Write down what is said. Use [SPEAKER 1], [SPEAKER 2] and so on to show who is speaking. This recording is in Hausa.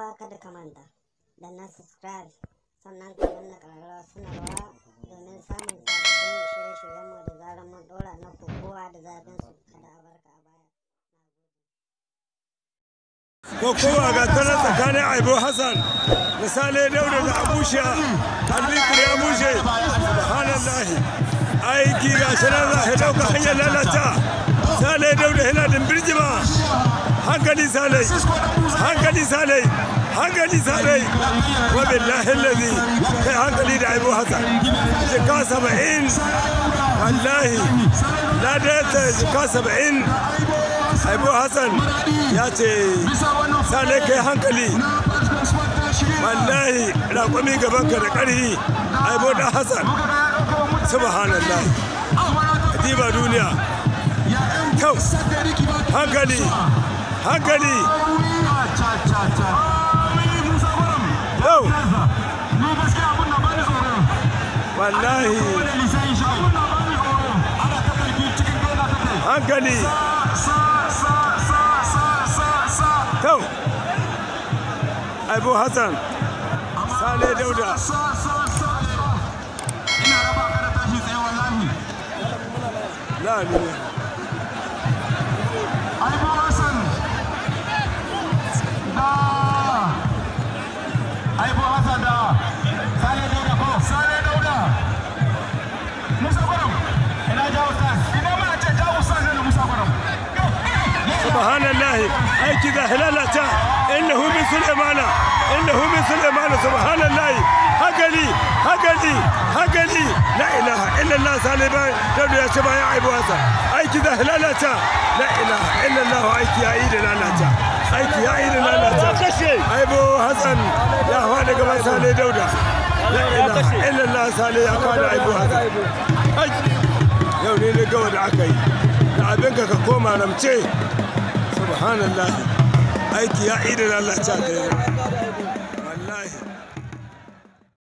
[SPEAKER 1] fa kada ka manta da na subscribe sannan ka danna ƙararrawa sanarwa domin samun sabbin shirye da zarar mun na kokowa da zafin su kada a a baya. Kokowa ga tana tsakanin Aibo Hassan misali daure da abusha albikir ya bushe subhanallahi aiki ga shirar zahi ɗauka hanyar lalata sale daure yana dimbirjima. hankali salai hankali salai hankali salai wa billahi allazi kai hankali da aibu hasan jika saba'in wallahi na da ka saba'in aibu Hassan ya ce salai kai hankali wallahi raƙumi gabanka da ƙarhi aibu da Hassan. subhanallah diba duniya kyau hankali hankali yau wallahi hankali Yau! aibu hassan sale dauda ina raba subhanallahi aiki da hilalata innahu min sulaimana innahu min sulaimana subhanallahi hagali hagali hagali la ilaha illallah salibai da ya ce bayan aibuwarsa aiki da hilalata la ilaha illallah aiki ya yi da lalata aiki ya yi da lalata aibo hasan ya hawa daga masa ne dauda la ilaha illallah salibai ya kawo da aibo hasan yau ne na gawa da aka yi da abinka ka koma ramce سبحان الله أيك يا عيد الله تعالى